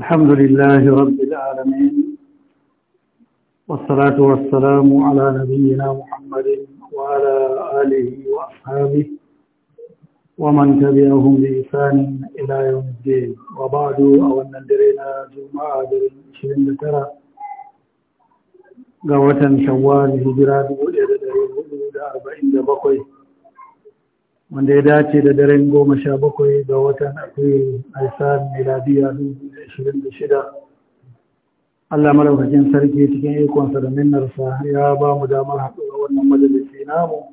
الحمد لله رب العالمين والصلاة والسلام على نبينا محمد وعلى آله وأصحابه ومن تبعهم بإحسان إلى يوم الدين وبعد أو أن درينا جمعة درين شرين ترى قوة شوال هجرات ولد درين ولد أربعين بقي wanda ya dace da daren goma sha bakwai ga watan afrilu a isar miladiya shida. allah maraukakin sarki cikin ikonsa da ya ba mu damar haɗuwa wannan majalisi namu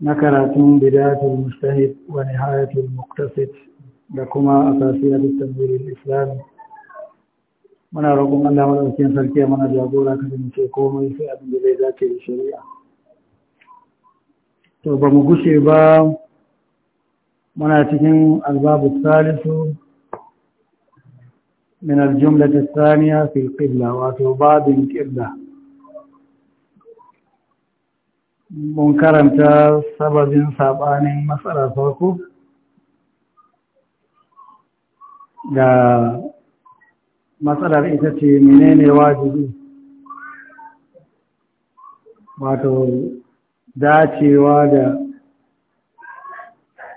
na karatun bidatul mustahid wa nihayatul muktasid da kuma asasiyar tambayin Islam. muna roƙon allah malaukacin sarki mana jagora kasance komai sai abin da zai dace da shari'a to ba mu gushe ba muna cikin albabu salisu min aljumla ta saniya fi wato babin ƙilla mun karanta sababin saɓanin matsala farko ga matsalar ita ce menene wajibi wato dacewa da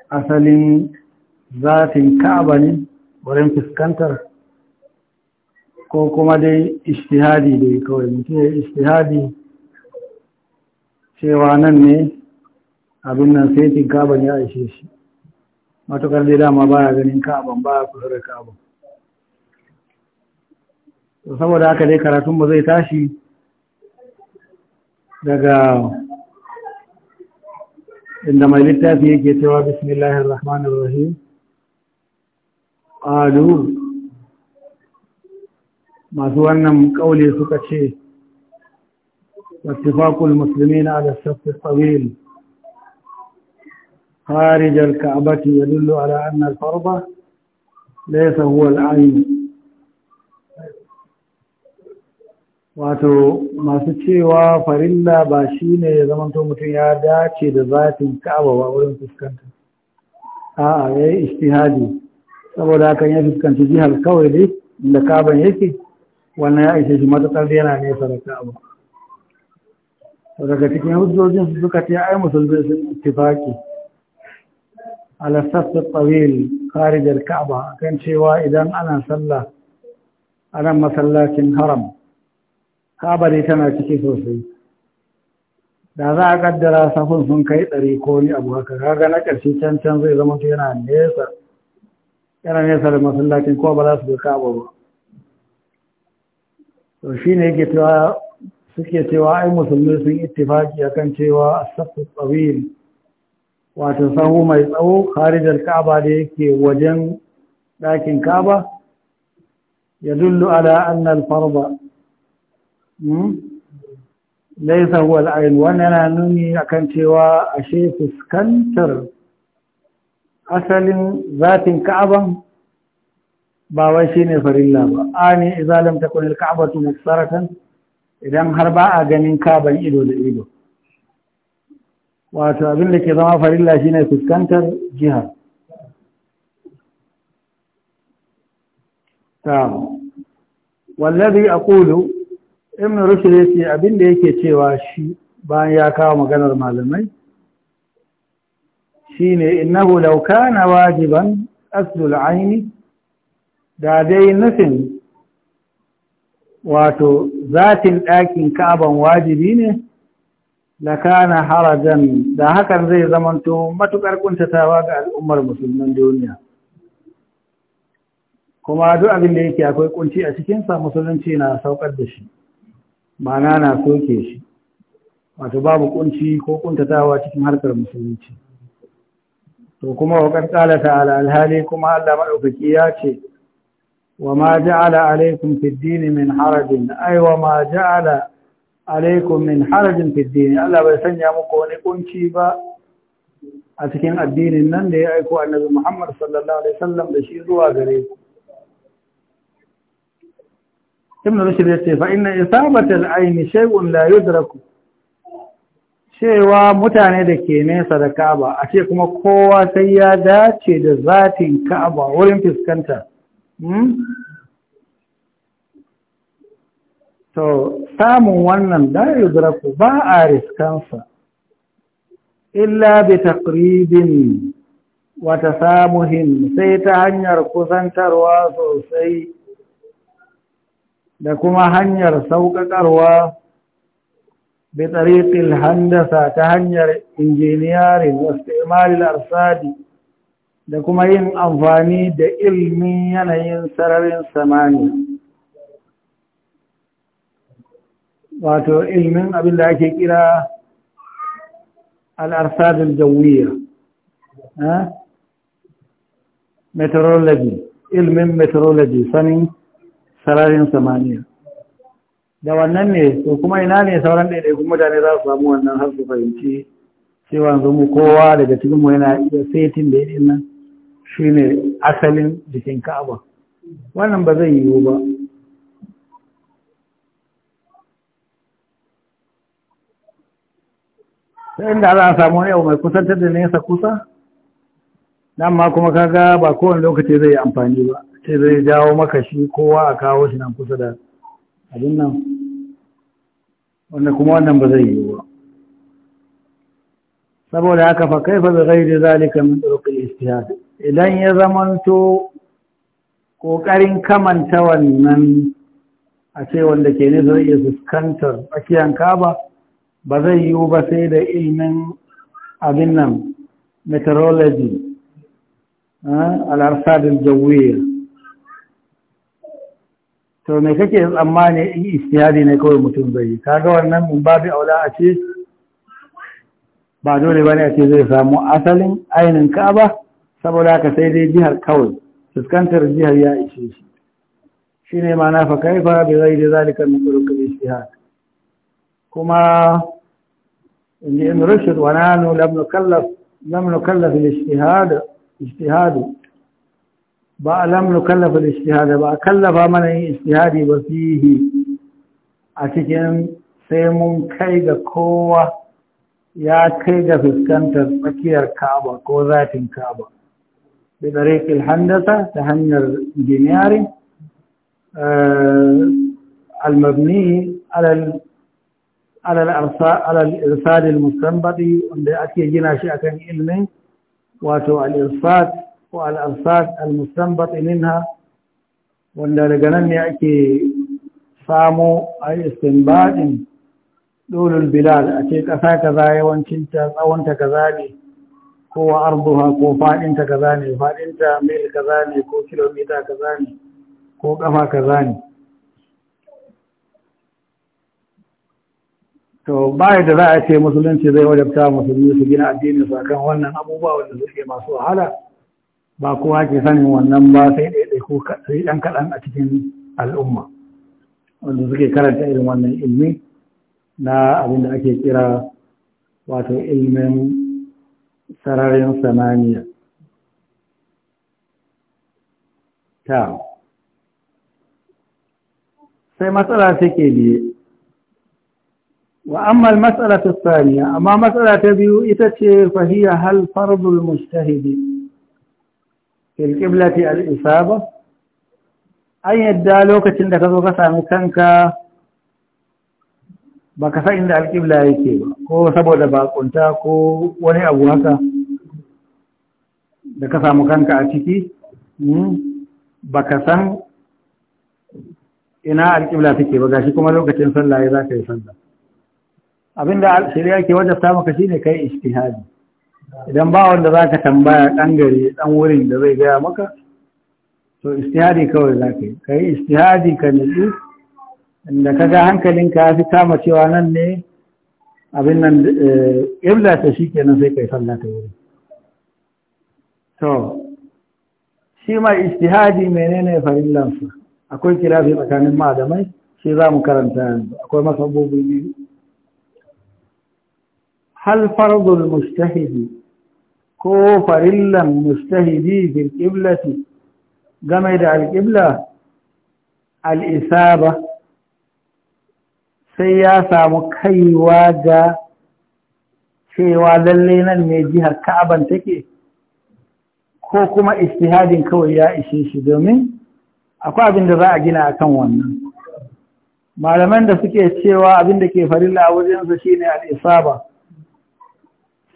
asalin zatin ka'aba ne wurin fuskantar ko kuma dai ishtihadi dai kawai mutum ya ishtihadi cewa nan ne abin nan saitin ka'aban ya aishe shi matukar dai dama baya ganin ka'aban baya kusa da ka'aban saboda haka dai karatun ba zai tashi daga عندما للتافي يجي توا بسم الله الرحمن الرحيم قالوا ما هو أن قولي سكتشي واتفاق المسلمين على الشف الطويل خارج الكعبة يدل على أن الفرض ليس هو العين wato masu cewa farilla ba shi ne ya zamanto mutum ya dace da zafin ka'aba ba wurin fuskanta a'a ya yi ishtihadi saboda hakan ya fuskanci jihar kawai ne da kaban yake wannan ya ishe shi matuƙar yana nesa da ka'aba daga cikin hujjojin su suka ce ai musulmi sun tifaki ala tsawil karijar ka'aba akan cewa idan ana sallah a masallacin haram kaba dai tana ciki sosai da za a kaddara safin sun kai ɗari ko ni abu haka kaga na ƙarshe can can zai zama yana nesa yana nesa da masallacin ko ba za su ga kaba ba to shi ne yake cewa suke cewa ai musulmi sun ittifaki kan cewa asafu tsawil wato sahu mai tsawo harijar kaba da yake wajen ɗakin kaba ya dullu ala annal farba Hmm? laisa huwa al'ayin wannan yana nuni akan cewa ashe fuskantar asalin zatin ka'aban ba wai shine farilla ba ani idza lam takun al-ka'batu Saratan, idan har ba a ganin ka'aban ido da ido wato abin da ke zama farilla shine fuskantar jihar ta a aqulu ibn rushd yace abin da yake cewa shi bayan ya kawo maganar malamai shine innahu law kana wajiban asdul aini da dai nufin wato zatin ɗakin ka'aban wajibi ne lakana harajan da hakan zai zamanto matukar kuntatawa ga al'ummar musulman duniya kuma duk abin da yake akwai kunci a cikinsa musulunci na saukar da shi ma'ana na soke shi wato babu kunci ko kuntatawa cikin harkar musulunci to kuma wa qad qala ta'ala alhali kuma Allah madaukaki ya ce wa ma ja'ala alaykum fid din min harajin ay wa ma ja'ala alaykum min harajin fid din Allah bai sanya muku wani kunci ba a cikin addinin nan da ya aiko annabi Muhammad sallallahu alaihi wasallam da shi zuwa gare ku ibn rushd ya ce fa inna isabata al-ayn shay'un la yudraku cewa mutane da ke nesa da Ka'aba a ce kuma kowa sai ya dace da zatin Ka'aba wurin fuskanta hmm? to samun wannan la yudraku ba a riskansa illa bi taqribin wa tasamuhin sai ta hanyar kusantarwa sosai da kuma hanyar sauƙaƙarwa bi tariqil handasa ta hanyar injiniyarin wasu arsadi da kuma yin amfani da ilmin yanayin sararin samaniya wato ilmin abin da ake kira al'arsadin jawiya meteorology ilmin meteorology sanin sararin samaniya da wannan ne to kuma ina ne sauran kuma mutane za su samu wannan har su fahimci cewa yanzu mu kowa daga cikinmu yana iya setin da yaɗin nan shi asalin jikin ka'aba wannan ba zai yiwu ba sai inda za a samu wani abu mai kusantar da nesa kusa ma kuma kaga ba kowane lokaci zai yi amfani ba sai zai jawo maka shi kowa a kawo shi nan kusa da abin nan wanda kuma wannan ba zai yi ba saboda haka fa kai fa bi ghairi zalika min turuqil istihad idan ya zamanto kokarin kamanta wannan a ce wanda ke ne zai iya fuskantar tsakiyar kaba ba zai yiwu ba sai da ilmin abin nan meteorology eh, al'arsadin jawiyar to me kake tsammani in istihadi ne kawai mutum zai yi kaga wannan mun babu aula a ce ba dole bane a ce zai samu asalin ainin ba? saboda ka sai dai jihar kawai fuskantar jihar ya ishe shi shine ma na fa kaifa bi ghairi zalika min turuq al-istihad kuma in in rushd wa nanu lam nukallaf lam nukallaf al ijtihad لم نكلف الاجتهاد با كلف من الاجتهاد وفيه اتكن سيمون كي دا يا كي دا فسكنت مكير كعبة كو ذات كعبة بطريق الحندسة تهنر جنياري آه المبني على ال على الارسال على الارسال المستنبطي عند اكيد جناشي علمي واتو الارسال ko al'amsas al-mustanbat minha wanda daga nan ne ake samo a istinbadin dolin bilal a ce ƙasa kaza yawancin ta tsawonta kaza ne ko arduha ko faɗinta kaza ne faɗinta mil kaza ne ko kilomita kaza ne ko ƙafa kaza ne to baya da za a ce musulunci zai wajabta musulmi su gina addinin su kan wannan abubuwa wanda suke masu wahala ba kowa ke sanin wannan ba sai ɗaiɗaiku sai ɗan kaɗan a cikin al'umma wanda suke karanta irin wannan ilmi na abin da ake kira wato ilmin sararin samaniya ta sai matsala take biye وأما المسألة الثانية أما مسألة بيو إتتي فهي هل فرض المجتهد filƙiblati al'isaba an yadda lokacin da ka zo ka sami kanka ba ka san inda alƙibla yake ba ko saboda baƙunta ko wani abu haka da ka samu kanka a ciki ba ka san ina alƙibla take ba gashi kuma lokacin sallah ya za ka yi sallah abinda shirya ke wajabta maka shine kai ijtihadi idan ba wanda za ka tambaya ɗan gari ɗan wurin da zai gaya maka to istihadi kawai za ka yi ka yi istihadi ka nutsu inda ka ga hankalinka ya fi kama cewa nan ne abin nan eh, ƙibla ta shi kenan sai ka yi sallah ta wuri to shi ma istihadi menene farillansa akwai kirafi tsakanin malamai shi za mu karanta yanzu akwai masabobi biyu hal فرض mustahidi ko farillan mustahidi fil qiblati game da al isaba sai ya samu kaiwa ga cewa lalle nan ne jihar ka'aban take ko kuma istihadin kawai ya ishe shi domin akwai abin da za a gina akan wannan malaman da suke cewa abin da ke farilla a wajensa shine isaba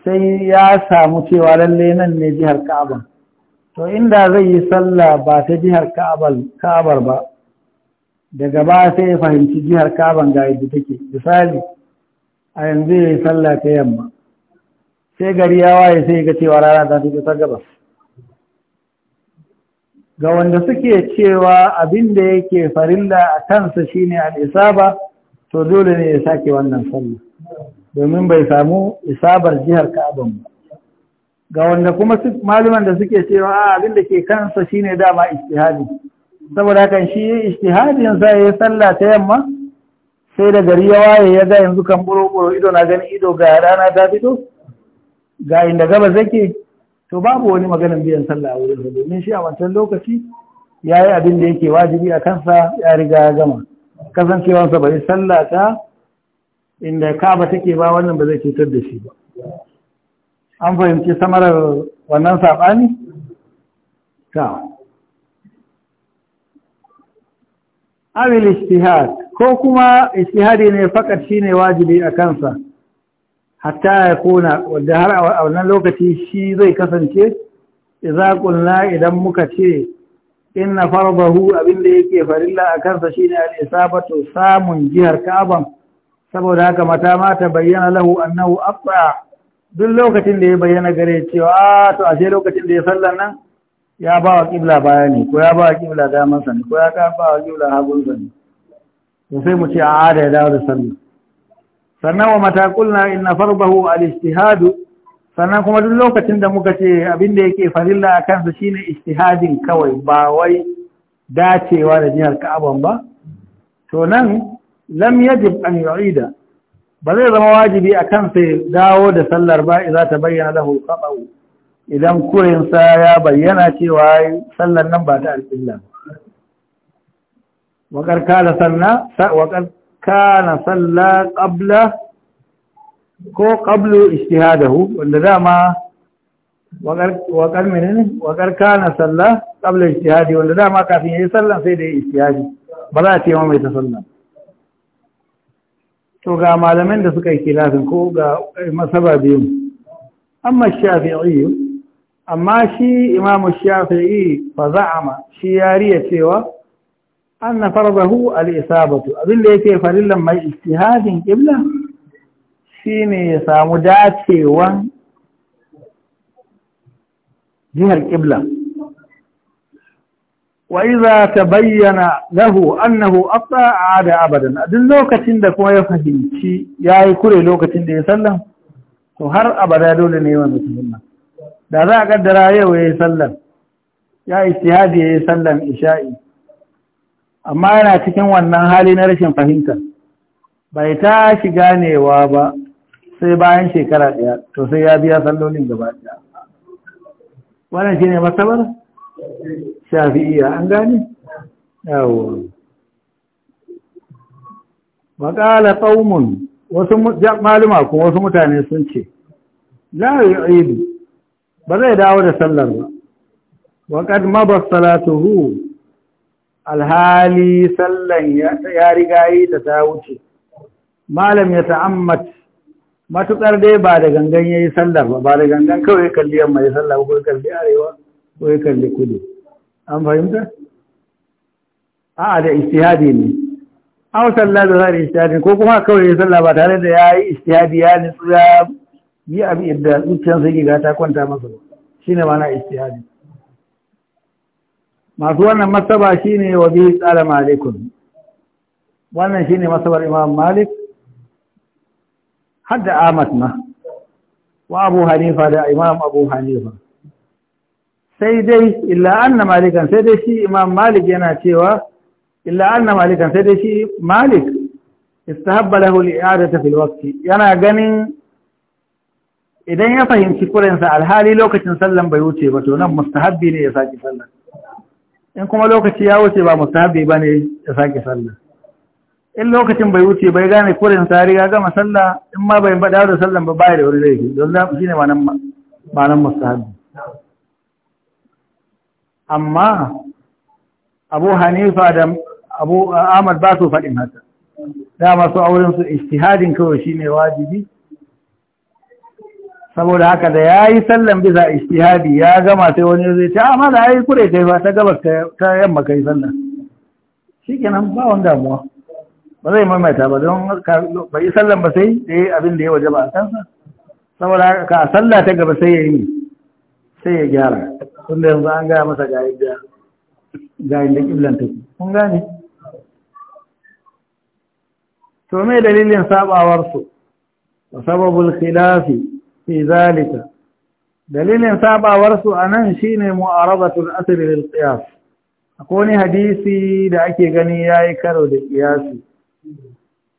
sai ya samu cewa lalle nan ne jihar Ka'aba to inda zai yi sallah ba ta jihar Ka'abar ba daga ba sai ya fahimci jihar ka'abar ga yadda take misali a yanzu ya yi sallah ta yamma sai gari ya waye sai ga cewa rana ta fi ta gabas ga wanda suke cewa abin da yake farilla a kansa shine al ba, to dole ne ya sake wannan sallah domin bai samu isabar jihar ka'abar ba ga wanda kuma maluman da suke cewa abin da ke kansa shine dama istihadi saboda kan shi yi ijtihadin sa yi sallah ta yamma sai da gari ya waye ya ga yanzu kan buro ido na gani ido ga rana ta fito ga inda gaba zake to babu wani maganin biyan sallah a wurin domin shi a wancan lokaci ya yi abin da yake wajibi a kansa ya riga ya gama kasancewansa bai sallah ta inda kaba take ba wannan ba zai cutar da shi ba an fahimci samarar wannan saɓani? ta Abin istihad ko kuma istihadi ne fakat shi ne wajibi a kansa hatta ya kuna wadda har a wannan lokaci shi zai kasance iza kunna idan muka ce inna farbahu abinda yake farilla a kansa shine al-isabatu samun jihar kaban saboda haka mata ma ta bayyana lahu annahu afa duk lokacin da ya bayyana gare cewa a ah, to ashe lokacin da ya sallan nan ya ba wa kibla bayani ko ya ba wa kibla daman sani ko ya ba wa kibla hagun sani to sai mu ce a da ya dawo da sallah sannan wa mata kulna inna farbahu al ijtihad sannan kuma duk lokacin da muka ce abin da yake farilla a kansa shine ijtihadin kawai ba wai dacewa da jihar Ka'aban ba to nan lam yajib an yu'ida ba zai zama wajibi akan sai dawo da sallar ba'i za ta bayyana lahu qata'u idan kurin sa ya bayyana cewa sallar nan ba ta alƙilla ba wa qad sanna wa qad salla qabla ko qablu ijtihadahu wanda dama wa qad menene wa qad salla qabla ijtihadi wanda dama kafin yayi sallan sai da yayi ijtihadi ba za a ce mai ta sallan to ga malaman da suka yi kilafin ko ga eh, masaba biyu amma shafi'i amma shi imamu shafi'i fa za'ama shi yariya cewa anna fardahu al-isabatu da yake farillan mai ijtihadin qibla shine ya samu dacewan jihar qibla ta bayyana وإذا تبين له أنه da عاد ya أدل لوكة دكما يفهم شيء يا كل لوكة دي يسلم وهر أبدا دول نيوان مسلم da za a kaddara yau ya yi sallan ya istihadi ya yi sallan isha'i amma yana cikin wannan hali na rashin fahimta bai ta shi ganewa ba sai bayan shekara ɗaya to sai ya biya sallolin gaba ɗaya wannan shi ne shafi'iya an gani yawo maƙala ƙaunin wasu maluma kuma wasu mutane sun ce la yu'idu ba zai dawo da sallar ba waƙad mabar salatuhu alhali sallan ya riga yi ta ta wuce malam ya ta'ammat matuƙar dai ba da gangan ya yi sallar ba ba da gangan kawai kalli yamma mai sallar ko kalli arewa ko ya kalli kudu an fahimta a'a da istihadi ne aw sallah da zari istihadi ko kuma kawai ya sallah ba tare da ya yi istihadi ya nitsu ya yi abu da zuciyarsa sai ga ta kwanta masa shine mana istihadi masu wannan masaba shine wa bihi tsara malikun wannan shine masabar imam malik hadda amat ma wa abu hanifa da imam abu hanifa sai dai illa anna malikan sai dai shi imam malik yana cewa illa anna malikan sai dai shi malik istahabba lahu al-i'adata fil waqti yana ganin idan ya fahimci kurensa alhali lokacin sallan bai wuce ba to nan mustahabbi ne ya saki sallan in kuma lokaci ya wuce ba mustahabbi ba ne ya saki sallan in lokacin bai wuce bai gane kurensa sa riga gama sallah in ma bai bada da sallan ba bai da wuri laifi don nan ne nan mustahabbi amma abu hanifa da abu uh, ahmad ba su faɗin haka dama su auren su ijtihadin kawai shine wajibi saboda haka da yayi sallan bisa ijtihadi ya gama sai wani zai ce amma ah, da yayi kure kai fa ta gabas ta yamma kai sallan kenan ba wani damuwa ba zai maimaita ba don ba yi sallan ba sai da yayi abin da ya waje ba a kansa saboda haka sallah ta gaba sai ya yi sai ya gyara tun da yanzu an gaya masa ga yadda ga yadda ƙiblan ku. kun gane to me dalilin sabawarsu wa sababul khilafi fi zalika dalilin sabawarsu nan shi ne mu'arabatun asirin qiyas akwai wani hadisi da ake gani ya yi karo da ƙiyasi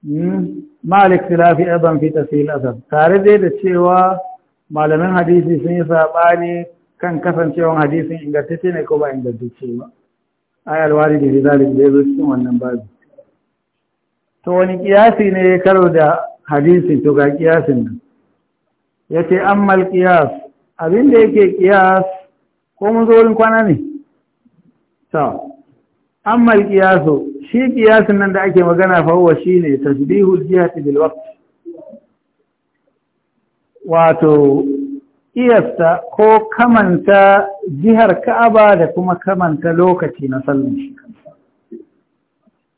hmm? malik khilafi aidan fi tafsil tare dai da cewa malamin hadisi sun yi saɓani. kan kasancewan hadisin ingantacce ne ko ba ingantacce ba ayar wari da rizalin da ya zo cikin wannan babu to wani kiyasi ne ya karo da hadisi to ga kiyasin nan ya ce ammal kiyas da yake kiyas ko mun zo wurin kwana ne ta ammal kiyasu shi kiyasin nan da ake magana fa huwa shine tasbihul jihati bil waqt wato kiyasta ko kamanta jihar Ka'aba da kuma kamanta lokaci na sallin shi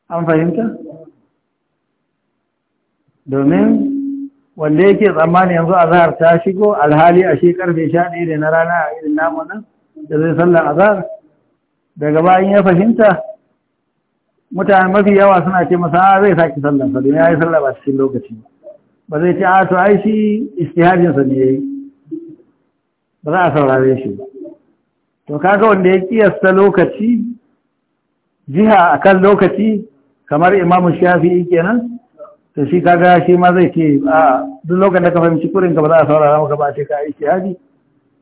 an fahimta domin wanda yake tsammani yanzu a zahar ta shigo alhali a shi karfe da na rana a irin namu nan da zai sallar zahar daga bayan ya fahimta mutane mafi yawa suna ce masa ah, zai saki sallar sa ya yi sallar ba cikin lokaci ba zai ce a ah, to ai shi istihajinsa ne ya yayi ba za a saurare shi ba to kaga wanda ya kiyasta lokaci jiha a kan lokaci kamar imamu Shafi kenan to shi kaga shi ma zai ce a duk lokacin da ka fahimci kurin ka ba za a saurara maka ba ce ka aiki haji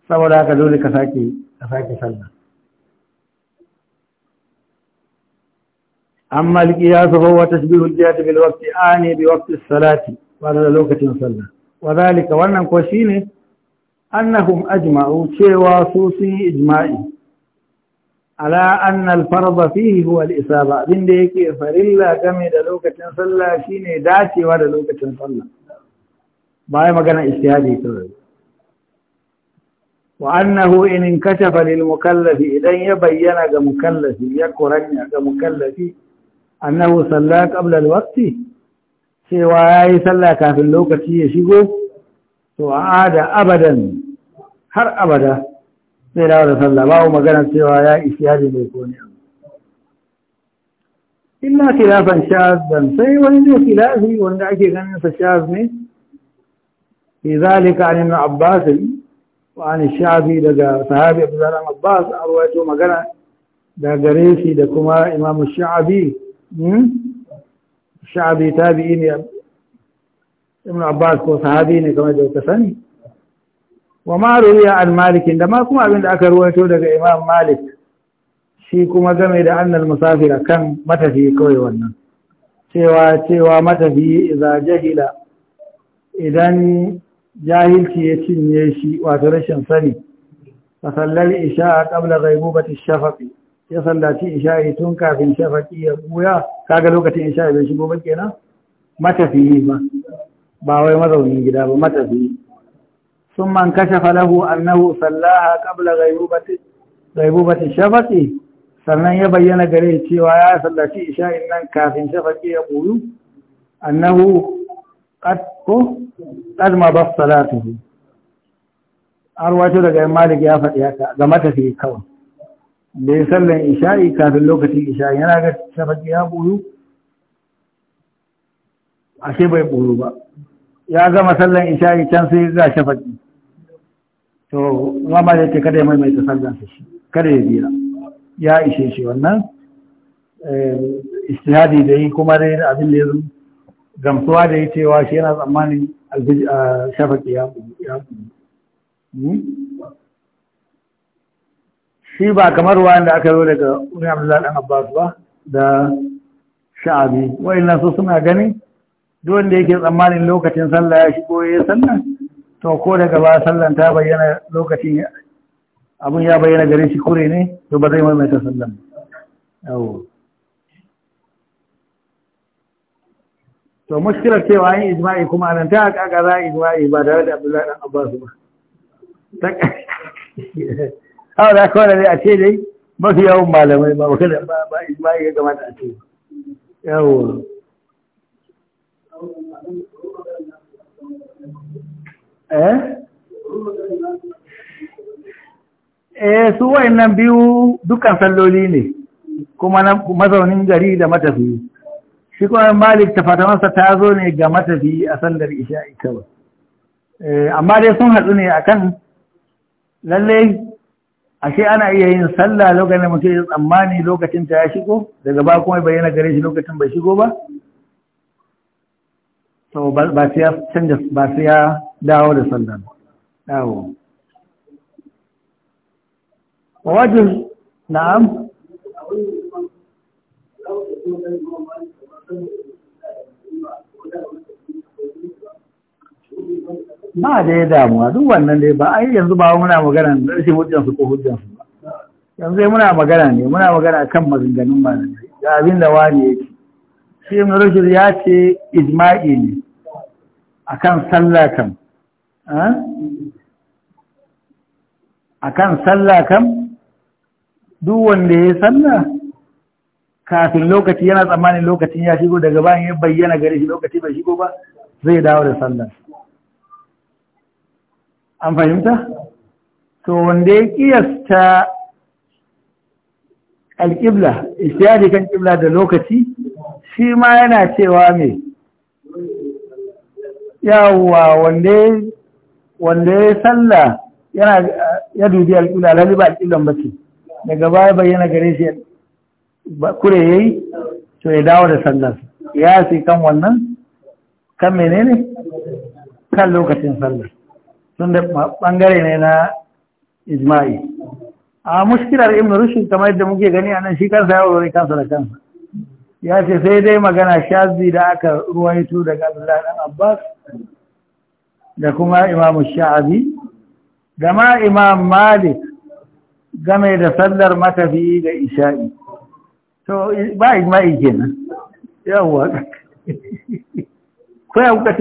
saboda haka dole ka sake ka sake sallah amma alqiyas fa huwa tashbihu al-jihati bil waqti ani bi waqti as-salati wa da lokacin sallah wa zalika wannan ko ne? annahum ajma'u cewa su sun yi ijma'i ala anna farza fihi huwa al-isaba abinda yake farilla game da lokacin sallah shine dacewa da lokacin sallah ba magana ijtihadi kawai wa annahu in inkashafa lil mukallafi idan ya bayyana ga mukallafi ya kuranya ga mukallafi annahu salla qabla al-waqti cewa yayi sallah kafin lokaci ya shigo to aada abadan har abada sai dawo da sallah ba magana cewa ya ishari mai kone abu illa khilafan shazdan sai wani ne khilafi wanda ake ganin sa shaz ne fi zalika an ibn abbas wa an shazi daga sahabi abdullah abbas arwaito magana da gare shi da kuma imam shabi shabi tabi'i ne ibn abbas ko sahabi ne kamar da ka sani wa ma ruwiya an malikin da ma kuma abin da aka ruwaito daga imam malik shi kuma game da annal musafir kan matafi kawai wannan cewa cewa matafi idza jahila idan jahilci ya cinye shi wato rashin sani fa sallal isha qabla ghaibubati shafaqi ya sallaci isha'i tun kafin shafaqi ya buya kaga lokacin isha'i bai shigo ba kenan matafi ba ba wai mazaunin gida ba matafi ثم man kashe أنه صلاها قبل غيبوبة غيبوبة الشفق sannan ya bayyana gare cewa ya sallaci isha'in nan kafin shafaqi ya buyu? annahu qad ko qad ma bas salatuhu arwato daga malik ya faɗi haka ga matafi kawai da ya sallan isha'i kafin lokacin isha'i yana ga shafaqi ya buyu? ashe bai buyu ba ya gama sallan isha'i can sai ga shafaqi to ma ma yake kada ya maimaita sallansa shi kada ya biya ya ishe shi wannan eh, istihadi da yi kuma dai abin da ya gamsuwa da ya cewa shi yana tsammanin shafaki ya kuma hmm? shi ba kamar wanda aka zo daga wani abdullahi dan abbas ba da sha'abi wa'in su suna ganin duk wanda yake tsammanin lokacin sallah ya shigo ya sallah to ko daga ba sallan ta bayyana lokacin abun ya bayyana gare shi kure ne to ba zai maimaita sallan yawo to mushkilar cewa an yi ijma'i kuma nan ta haka za a ijma'i ba tare da abdullahi dan abbas ba ta hau da kawai dai a ce dai mafi yawan malamai ba ba ijma'i ya gama a ce yawo Eh? eh su nan biyu dukkan salloli ne kuma na mazaunin gari da matafiyi shi kuma malik ta fatawarsa ta zo ne ga matafiyi a sallar isha'i kawai eh, amma dai sun hatsu ne akan lallai ashe ana iya yin sallah lokacin da mutum ya tsammani lokacin ta ya shigo daga ba kuma bayyana gare shi lokacin bai shigo ba ba sai ya canja ya dawo da sallar, dawo wajen na'am ba da ya damuwa duk wannan dai ba ai yanzu ba muna magana rashin su ko hujjan ba yanzu dai muna magana ne muna magana kan maganganun malamai ga abin da wani yake shi ibn rushd ya ce ijma'i ne akan sallah kan Eh? a kan sallah kam duk wanda ya sallah kafin lokaci yana tsammanin lokacin ya shigo daga bayan ya bayyana gare shi lokaci bai shigo ba zai dawo da sallah an fahimta? to wanda ya kiyasta alƙibla istiyari kan ƙibla da lokaci shi ma yana cewa mai yawa wanda wanda ya yi sallah yana ya dubi alƙila alhali ba alƙilan ba ce daga baya bayyana gare shi kure ya yi to ya dawo da sallar ya sai kan wannan kan menene kan lokacin sallar tun da ɓangare ne na ijma'i a muskilar ibn rushd kamar yadda muke gani a nan shi kansa ya wuri kansa da kansa ya ce sai dai magana shazi da aka ruwaito daga abdullahi dan abbas da kuma imamu sha'abi da ma imam malik game da sallar matafi da isha'i to ba ijma'i kenan yawwa ko ya kuka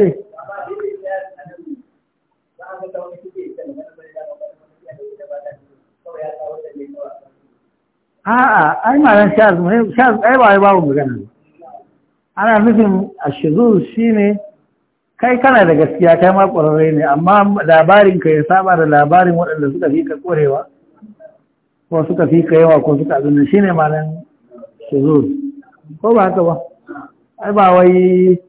a'a ai ma malan shaz ai ba ai ba mu gana ana nufin ashuzu shine kai kana da gaskiya kai ma ƙwararre ne amma labarin ka ya saba da labarin waɗanda suka fi ka ƙwarewa ko suka fi ka yawa ko suka abin shi ne su shuzur ko ba haka ba ai ba wai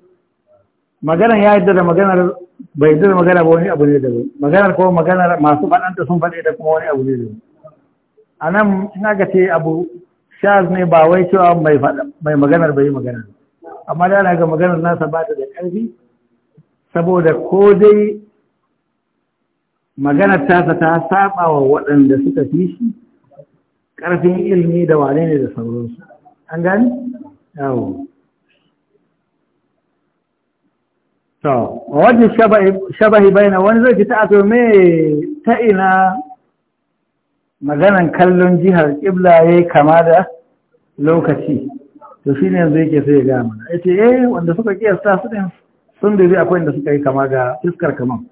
maganar ya yadda da maganar bai yadda da magana ba wani abu ne da maganar ko maganar masu faɗanta sun faɗe da kuma wani abu ne da a nan in aka ce abu shaz ne ba wai cewa mai maganar bai yi magana amma da ana ga maganar nasa ba ta da ƙarfi saboda ko dai maganar tasa ta saba wa waɗanda suka fi shi ƙarfin ilmi da wane ne da sauransu an gani? yawo to wajen shabahi bayana wani zai fita a to me ta ina maganan kallon jihar ƙibla ya kama da lokaci to shi ne yanzu yake sai ya gama ya ce eh wanda suka kiyasta su ɗin sun da zai akwai da suka yi kama ga fiskar kaman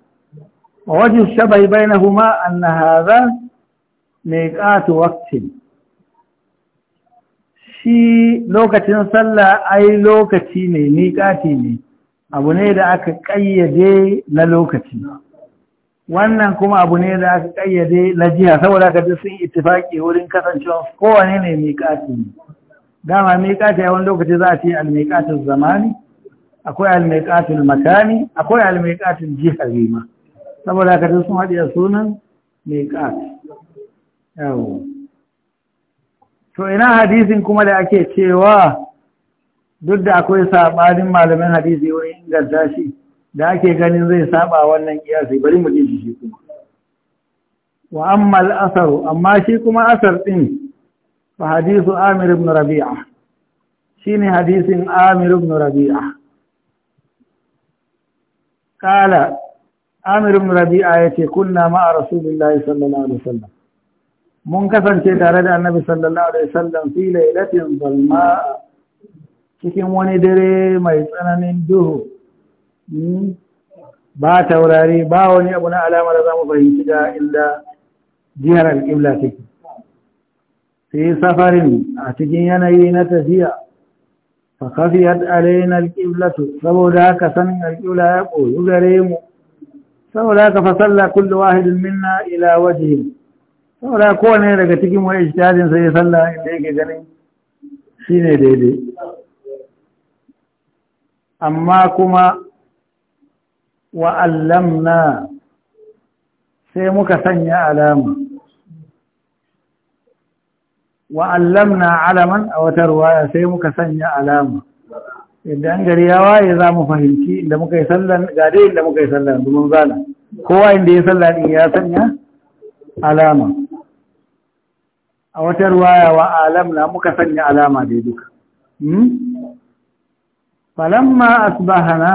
A waje shabai na haza mai ƙatu waqtin shi lokacin sallah ai lokaci ne ƙati ne abu ne da aka ƙayyade na lokaci wannan kuma abu ne da aka ƙayyade na jiha saboda ka sun ittifaki wurin kasancewa kowane ne ne. dama miƙati a wani lokaci za a ce al-miƙatin zamani akwai almiqatul makani akwai almiqatul jihari ma saboda haka sun haɗe sunan miqat yawo to ina hadisin kuma da ake cewa duk da akwai saɓanin malamin hadisi wani inganta shi da ake ganin zai saɓa wannan kiyasi bari mu ji shi kuma wa amma asar amma shi kuma asar ɗin fa hadisu amir ibn rabi'a shine hadisin amir ibn rabi'a kala amir Rabi'a ya ce, kunna ma'a rasulillahi sallallahu alaihi wasallam mun kasance tare da annabi sallallahu alaihi wasallam fi lailatin zalma cikin wani dare mai tsananin duhu ba taurari ba wani abu na alamar da zamu fahimci da inda jihar alƙibla take sai safarin a cikin yanayi na tafiya fakafiyar alainar ƙiblatu saboda haka sanin alƙibla ya koyu gare mu saboda haka fasalla kullu wahidin minna ila wajihin saboda kowane daga cikin wani ijtihadin sai ya salla inda yake ganin ne daidai amma kuma na, sai muka sanya alama wa allamna alaman a wata ruwaya sai muka sanya alama idan gari ya waye za mu fahimci inda muka yi sallan ga dai inda muka yi sallan domin zala kowa inda ya salla ya sanya alama a wata ruwaya wa alamna muka sanya alama dai duka hmm? falamma asbahana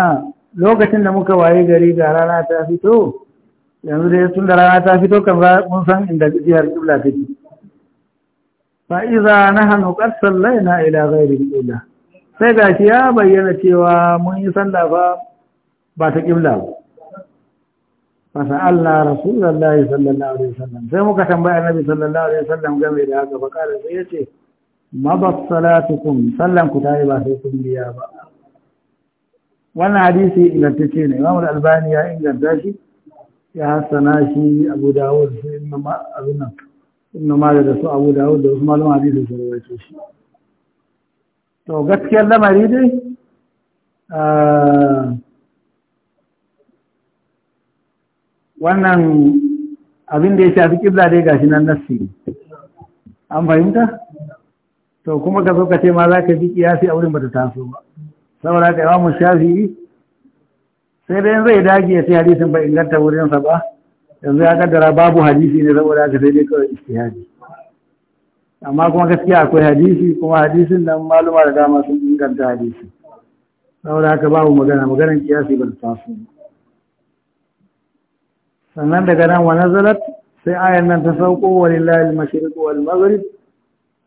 lokacin da muka waye gari ga rana ta fito yanzu dai tun da rana ta fito kan mun san inda jihar kibla take Fa'iza na hannu qad laina ila ghairi al Sai sai gashi ya bayyana cewa mun yi sallah ba ba ta qibla ba fa sa'alna rasulullahi sallallahu alaihi wasallam sai muka tambaya annabi sallallahu alaihi wasallam game da haka fa kare sai yace mabat salatukum sallan ku yi ba sai kun biya ba wannan hadisi ce ne Imam al-Albani ya inganta shi ya hasana shi Abu Dawud sai Imam Abu inna ma da su Abu da da wasu malaman hadisi sun rawaito shi to gaskiyar lamari dai wannan abin da ya shafi kibla dai gashi nan nassi an fahimta to kuma ka zo ka ce ma za ka ji kiyasi a wurin bata taso ba saboda ka mu shafi sai dai zai dage ya ce hadisin bai inganta wurinsa ba yanzu ya kaddara babu hadisi ne saboda aka sai dai kawai istihadi amma kuma gaskiya akwai hadisi kuma hadisin nan maluma da dama sun inganta hadisi saboda haka babu magana maganar kiyasi ba ta taso sannan daga nan wa nazarat sai ayan nan ta sauko wa lillahi al-mashriq wal maghrib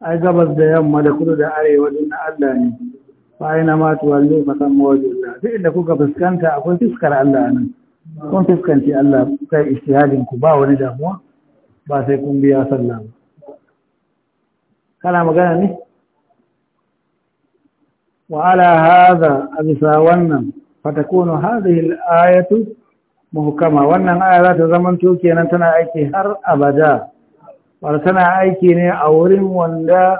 ai gabas da yamma da kudu da arewa din na Allah ne fa ina ma tuwallu fa san mawjuda duk inda kuka fuskanta akwai fuskar Allah nan kun fuskanci Allah kai istihadin ku ba wani damuwa ba sai kun biya sallah ba kana magana ne wa ala hadha abisa wannan fatakunu hadhihi al-ayatu muhkama wannan aya za ta zamanto kenan tana aiki har abada wanda tana aiki ne a wurin wanda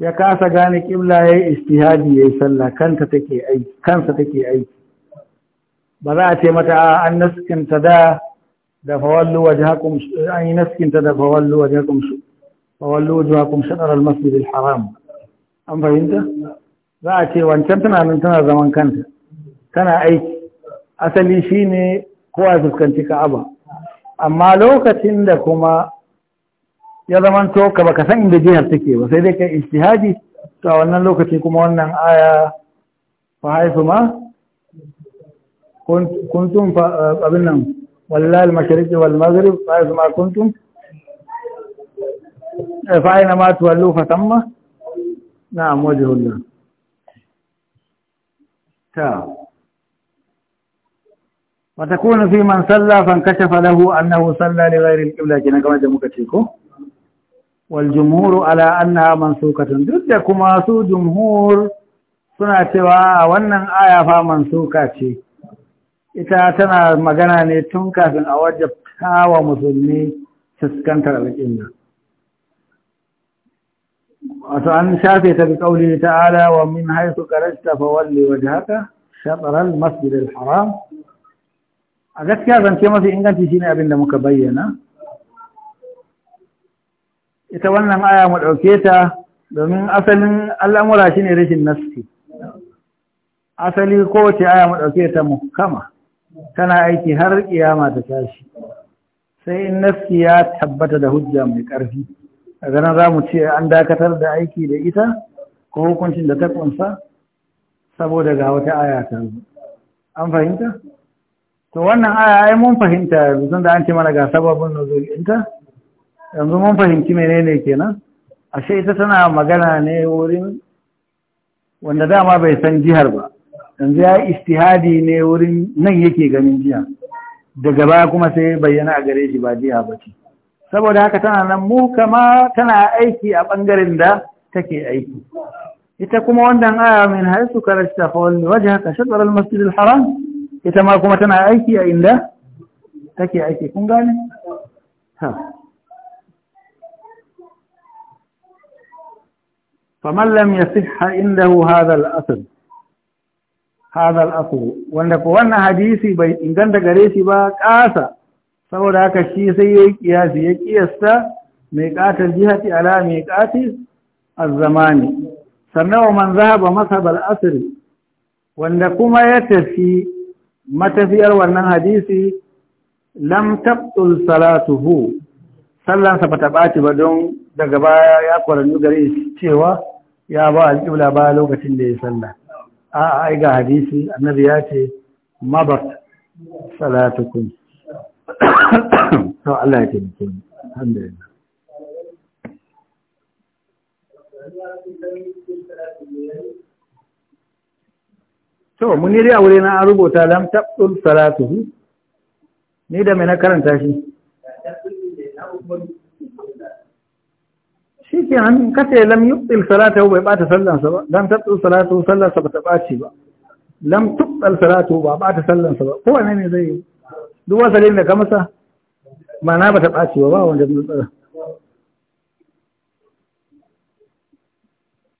ya kasa gane kibla ya istihadi ya sallah kanta take aiki kansa take aiki ba za a ce mata an naskinta da da fawallu wajhakum an yi naskinta da fawallu wajhakum fawallu wajhakum shatar al-masjid al-haram an fahimta za a ce wancan tana nan tana zaman kanta tana aiki asali shi ne kowa fuskanci ka'aba amma lokacin da kuma ya to ka baka san inda jihar take ba sai dai ka ijtihadi to a wannan lokaci kuma wannan aya fa haifu ma kuntum abin nan wallahi al-mashriqi wal maghrib fa ma kuntum fa aina ma tuwallu fa tamma na'am wajhullah ta wa takunu fi man salla fa kashafa lahu annahu salla li ghairi al-qibla kina kama da muka ce ko wal jumhur ala annaha mansukatun duk da kuma su jumhur suna cewa wannan aya fa mansuka ce ita tana magana ne tun kafin a wajabta wa musulmi fuskantar alƙibla wato an shafe ta bi kauli ta'ala wa min haythu kharajta fawalli wajhaka shatr al-masjid al-haram a gaskiya zance mafi inganci shine abin da muka bayyana ita wannan aya mu ɗauke ta domin asalin al'amura shine rashin nasti asali kowace aya mu ɗauke ta kama. tana aiki har kiyama ta tashi sai in nafsi ya tabbata da hujja mai ƙarfi a ganin za mu ce an dakatar da aiki da ita ko hukuncin da ta kunsa saboda ga wata aya ta zo an fahimta to wannan aya ai mun fahimta yanzu da an ce mana ga sababin nuzul yanzu mun fahimci menene kenan ashe ita tana magana ne wurin wanda dama bai san jihar ba yanzu ya istihadi ne wurin nan yake ganin jiya daga baya kuma sai bayyana a gare shi ba jiya ba ce saboda haka tana nan mu kama tana aiki a ɓangaren da take aiki ita kuma wannan aya min haisu karashta fa wani waje haka shaɗar almasjidil haram ita ma kuma tana aiki a inda take aiki kun gane فمن لم يصح عنده هذا الأصل Hazar asru wanda ko wannan hadisi bai inganta gare shi ba ƙasa saboda haka shi sai yayi kiyasi ya kiyasta mai qatal jihati Alama mai qati az-zamani sannan wa man zahaba mashab al wanda kuma ya tafi matafiyar wannan hadisi lam taqtul salatuhu sallansa bata ɓaci ba don daga baya ya kwarannu gare shi cewa ya ba alƙibla baya lokacin da ya sallah a ai ga hadisi annabi ya ce mabat salatukum to Allah ya ce mutum alhamdulillah to mun yi riya wuri na an rubuta lam tabdul salatuhu ni da mai na karanta shi shi ke hannun kace lam yubtil salata bai bata sallansa ba lam tabtil salatu sallansa ba ta ɓaci ba lam salatu ba bata sallansa ba kowane ne zai yi duk wasalin da ka masa na ba ta ɓaci ba ba wanda tsara